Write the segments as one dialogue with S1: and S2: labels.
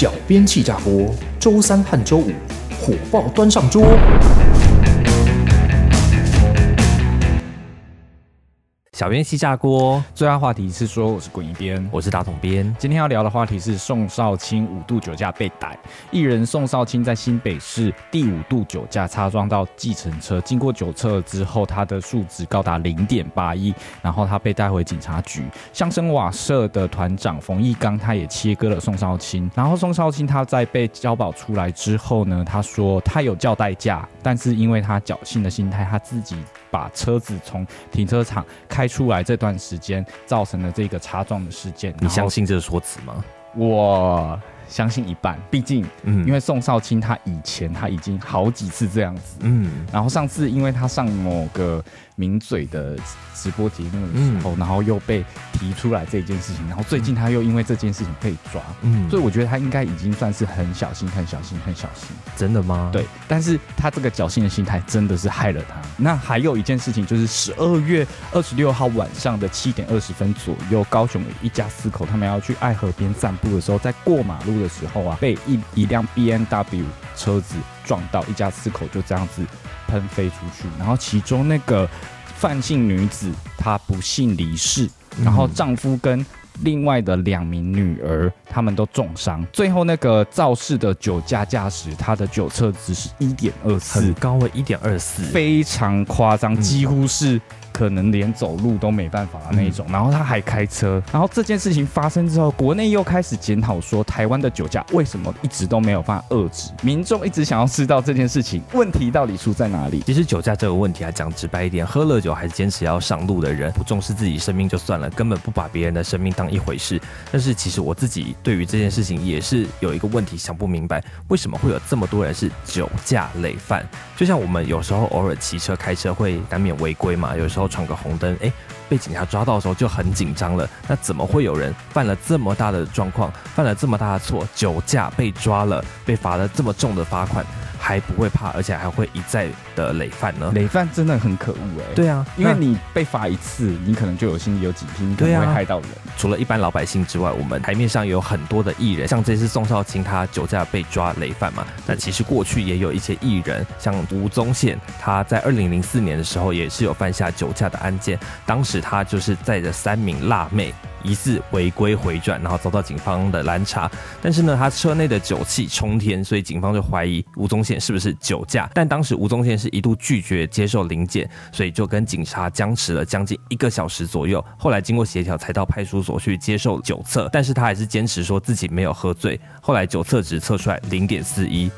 S1: 小編氣炸鍋，週三和週五火爆端上桌。小編氣炸鍋，最大話題是說我是滾一編，我是打統編。邊今天要聊的話題是宋少卿五度酒駕被逮。藝人宋少卿在新北市第五度酒駕擦撞到計程車，經過酒測之後，他的數值高達零點八一，然後他被帶回警察局。相聲瓦舍的團長馮翊綱他也切割了宋少卿，然後宋少卿他在被交保出來之後呢，他說他有叫代駕，但是因為他僥幸的心態，他自己。把車子從停車場開出來這段時間造成了這個擦撞的事件，你相信這個說辭嗎？我相信一半，畢竟，嗯，因為宋少卿他以前他已經好幾次這樣子，嗯，然後上次因為他上某個名嘴的直播節目的時候，然後又被。提出來這件事情，然後最近他又因為這件事情被抓，嗯，所以我覺得他應該已經算是很小心、很小心、很小心。真的嗎？對，但是他這個僥倖的心態真的是害了他。那還有一件事情，就是十二月二十六號晚上的七點二十分左右，高雄有一家四口他們要去愛河邊散步的時候，在過馬路的時候啊，被一一輛 BMW 車子撞到，一家四口就這樣子噴飛出去，然後其中那個范姓女子她不幸離世。然後丈夫跟另外的兩名女兒，他們都重傷。最後那個肇事的酒駕駕駛，他的酒測值是一點二四，很高的一點二四，非常誇張，幾乎是。可能連走路都沒辦法了、啊、那一種，嗯、然後他還開車，然後這件事情發生之後，國內又開始檢討說台灣的酒駕為什麼一直都沒有辦法遏制，民眾一直想要知道這件事情問題到底出在哪裡。其實酒駕這個問題啊講直白一
S2: 點，喝了酒還是堅持要上路的人，不重視自己生命就算了，根本不把別人的生命當一回事。但是其實我自己對於這件事情也是有一個問題想不明白，為什麼會有這麼多人是酒駕累犯？就像我們有時候偶爾騎車開車會難免違規嘛，有時候。闖個紅燈，誒。被警察抓到的時候就很緊張了。那怎麼會有人犯了這麼大的狀況，犯了這麼大的錯，酒駕被抓了，被罰了這麼
S1: 重的罰款，還不會怕，而且還會一再的累犯呢？累犯真的很可惡哎、欸。對啊，因為你被罰一次，你可能就有心裡有警惕，你可能會害到人。啊、除了一般老
S2: 百姓之外，我們台面上有很多的藝人，像這次宋少卿他酒駕被抓累犯嘛。那其實過去也有一些藝人，像吳宗憲，他在二零零四年的時候也是有犯下酒駕的案件，當時。他就是載着三名辣妹，疑似違規回轉，然後遭到警方的攔查。但是呢，他車內的酒氣衝天，所以警方就懷疑吳宗憲是不是酒駕？但當時吳宗憲是一度拒絕接受臨檢，所以就跟警察僵持了將近一個小時左右。後來經過協調，才到派出所去接受酒測。但是他還是堅持說自己沒有喝醉。後來酒測值測出來零點四一。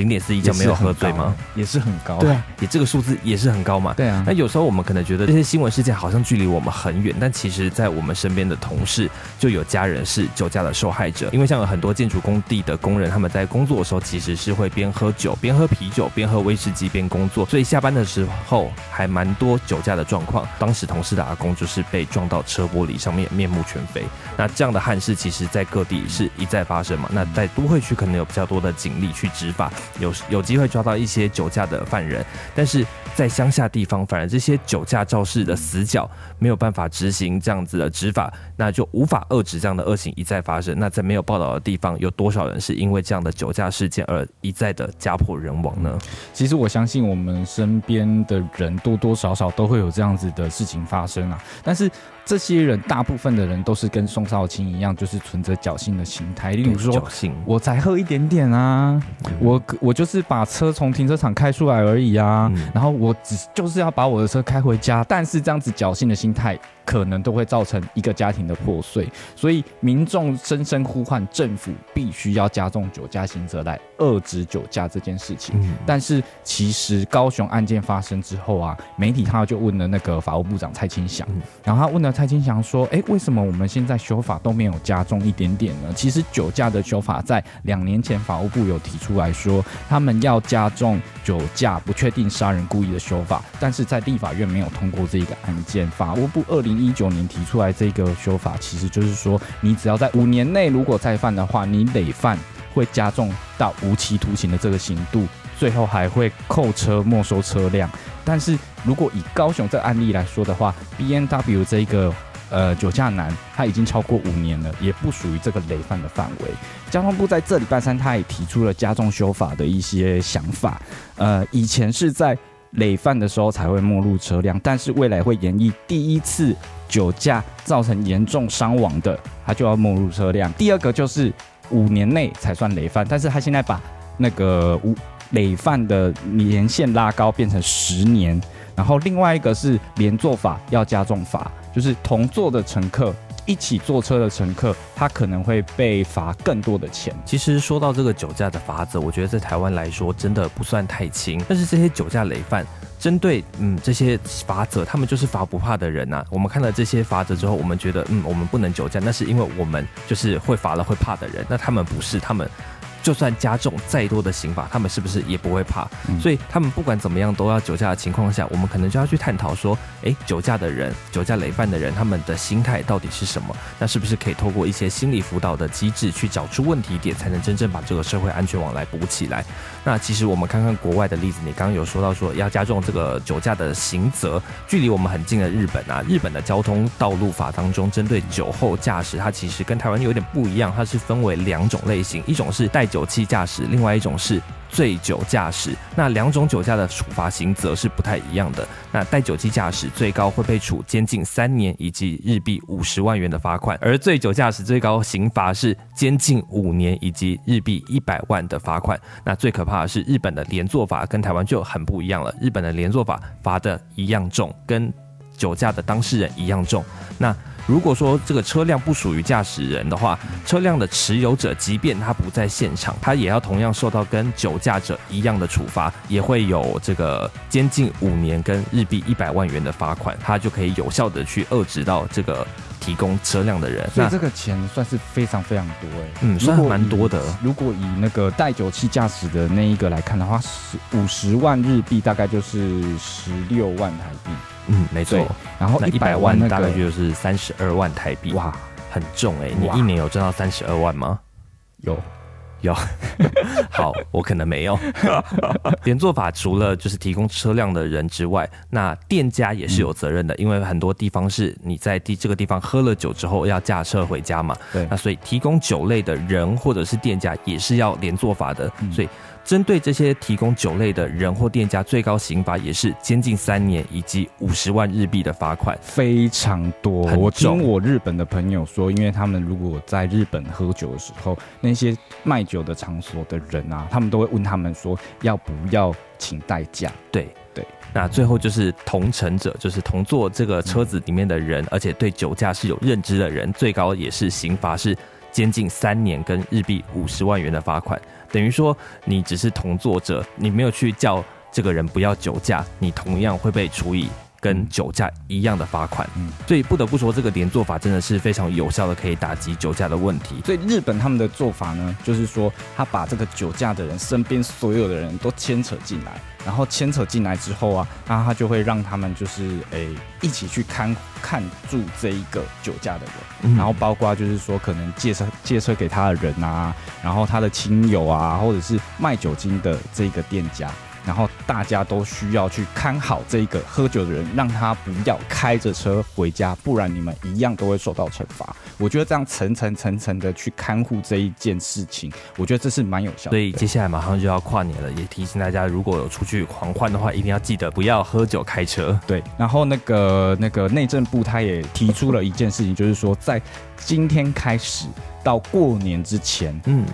S2: 零點四一就沒有喝醉嗎？
S1: 也是很高，很高。
S2: 對啊，也這個數字也是很高嘛。對啊。那有時候我們可能覺得這些新聞事件好像距離我們很遠，但其實在我們身邊的同事就有家人是酒駕的受害者。因為像有很多建築工地的工人，他們在工作的時候其實是會邊喝酒、邊喝啤酒、邊喝威士忌、邊工作，所以下班的時候還蠻多酒駕的狀況。當時同事的阿公就是被撞到車玻璃上面，面目全非。那這樣的憾事，其實在各地是一再發生嘛。那在都會區可能有比較多的警力去執法。有有機會抓到一些酒駕的犯人，但是在鄉下地方，反而這些酒駕肇事的死角沒有辦法執行這樣子的執法，那就無法遏止這樣的惡行一再發生。那在沒有報道的地方，有多少人是因為這樣的酒駕事件而一
S1: 再的家破人亡呢？其實我相信我們身邊的人多多少少都會有這樣子的事情發生啊，但是。這些人大部分的人都是跟宋少卿一樣，就是存着僥倖的心態。例如說，我才喝一點點啊，嗯、我我就是把車從停車場開出來而已啊，嗯、然後我只就是要把我的車開回家。但是這樣子僥倖的心態，可能都會造成一個家庭的破碎。嗯、所以民眾深深呼喚政府必須要加重酒駕刑責來遏止酒駕這件事情。嗯、但是其實高雄案件發生之後啊，媒體他就問了那個法務部長蔡清祥，嗯、然後他問了。蔡金祥說：“誒、欸，為什麼我們現在修法都沒有加重一點點呢？其實酒駕的修法在兩年前法務部有提出來說，他們要加重酒駕、不確定殺人故意的修法，但是在立法院沒有通過這個案件。法務部二零一九年提出來這個修法，其實就是說，你只要在五年內如果再犯的話，你累犯會加重到無期徒刑的這個刑度，最後還會扣車、沒收車輛，但是。”如果以高雄這個案例來說的話，BMW 這一個呃酒駕男，他已經超過五年了，也不屬於這個累犯的範圍。交通部在這禮拜三他也提出了加重修法的一些想法。呃，以前是在累犯的時候才會沒入車輛，但是未來會演繹第一次酒駕造成嚴重傷亡的，他就要沒入車輛。第二個就是五年內才算累犯，但是他現在把那個五累犯的年限拉高，變成十年。然後另外一個是連坐法要加重罰，就是同坐的乘客、一起坐車的乘客，他可能會被罰更多的錢。其實說到這個酒駕的罰則，我覺得在
S2: 台灣來說真的不算太輕。但是這些酒駕累犯，針對嗯這些罰則，他們就是罰不怕的人吶、啊。我們看了這些罰則之後，我們覺得嗯我們不能酒駕，那是因為我們就是會罰了會怕的人。那他們不是，他們。就算加重再多的刑罰，他們是不是也不會怕？嗯、所以他們不管怎麼樣都要酒駕的情況下，我們可能就要去探討說，哎，酒駕的人、酒駕累犯的人，他們的心態到底是什麼？那是不是可以透過一些心理輔導的機制去找出問題點，才能真正把這個社會安全網來補起來？那其實我們看看國外的例子，你剛剛有說到說要加重這個酒駕的刑責，距離我們很近的日本啊，日本的交通道路法當中，針對酒後駕駛，它其實跟台灣有點不一樣，它是分為兩種類型，一種是帶。酒氣駕駛，另外一種是醉酒駕駛。那兩種酒駕的處罰刑責，是不太一樣的。那帶酒氣駕駛最高會被處監禁三年以及日幣五十萬元的罰款，而醉酒駕駛最高刑罰是監禁五年以及日幣一百萬的罰款。那最可怕的是日本的連坐法跟台灣就很不一樣了。日本的連坐法罰得一樣重，跟酒駕的當事人一樣重。那如果說這個車輛不屬於駕駛人的話，車輛的持有者，即便他不在現場，他也要同樣受到跟酒駕者一樣的處罰，也會有這個監禁五年跟日幣一百萬元的罰款，他就可以有效的去遏止到這個。提供車輛的人，所以這個
S1: 錢算是非常非常多哎、欸，嗯，算蠻多的。如果以那個帶酒氣駕駛的那一個來看的話，五十萬日幣大概就是十六萬台幣，嗯，沒錯。然後一百萬、那個、大概就
S2: 是三十二萬台幣，哇，
S1: 很重
S2: 哎、欸，哇你一年有掙到三十二萬嗎？有。有， 好，我可能沒有 連坐法。除了就是提供車輛的人之外，那店家也是有責任的，嗯、因為很多地方是你在地這個地方喝了酒之後要駕車回家嘛，對，那所以提供酒類的人或者是店家也是要連坐法的，嗯、所以。針對這些提供酒類的人或店家，最高刑罰也是監禁三年以及五十萬日幣的罰款，
S1: 非常多。很重。我聽我日本的朋友說，因為他們如果在日本喝酒的時候，那些賣酒的場所的人啊，他們都會問他們說要不要請代駕。對對，對那最後就是同乘者，
S2: 就是同坐這個車子裡面的人，嗯、而且對酒駕是有認知的人，最高也是刑罰是。監禁三年跟日幣五十萬元的罰款，等於說你只是同坐者，你沒有去叫這個人不要酒駕，你同樣會被處以。跟酒駕一樣的罰款，嗯，所以不得不說這個連坐法真的是非常有效的，可以打擊
S1: 酒駕的問題。所以日本他們的做法呢，就是說他把這個酒駕的人身邊所有的人都牽扯進來，然後牽扯進來之後啊，那他就會讓他們就是誒、欸、一起去看看住這一個酒駕的人，嗯、然後包括就是說可能借車借車給他的人啊，然後他的親友啊，或者是賣酒精的這個店家。然後大家都需要去看好這個喝酒的人，讓他不要開着車回家，不然你們一樣都會受到懲罰。我覺得這樣層層層層的去看護這一件事情，我覺得這是蠻有效的。對。所以接下來馬上就要跨年了，也提醒大家，如果有出去狂歡的話，一定要記得不要喝酒開車。對，然後那個那個內政部他也提出了一件事情，就是說在今天開始到過年之前，嗯。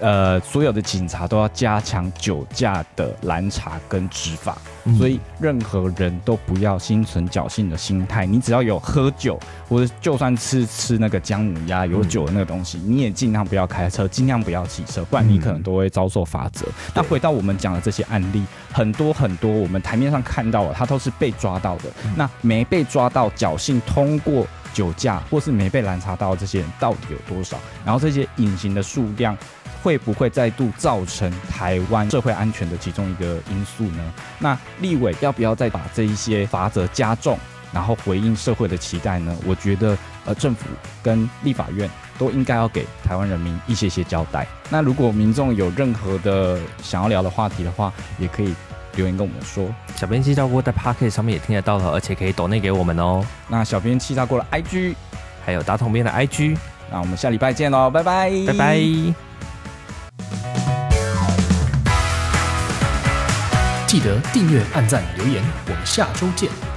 S1: 呃，所有的警察都要加強酒駕的攔查跟執法，嗯、所以任何人都不要心存僥倖的心態。你只要有喝酒，或者就算吃吃那個薑母鴨有酒的那個東西，嗯、你也盡量不要開車，盡量不要騎車，不然你可能都會遭受罰則。那、嗯、回到我們講的這些案例，對很多很多我們台面上看到了，他都是被抓到的。嗯、那沒被抓到，僥倖通過酒駕，或是沒被攔查到，這些人到底有多少？然後這些隱形的數量。會不會再度造成台灣社會安全的其中一個因素呢？那立委要不要再把這一些罰則加重，然後回應社會的期待呢？我覺得呃，政府跟立法院都應該要給台灣人民一些些交代。那如果民眾有任何的想要聊的話題的話，也可以留言跟我們說。小編氣炸鍋在 Pocket 上面也聽得到的，而
S2: 且可以抖內給我們哦。那小編氣炸鍋的，IG 還有打統編的 IG，那我
S1: 們下禮拜見嘍，拜拜，拜拜。記得訂閱、按讚、留言，我們下周見。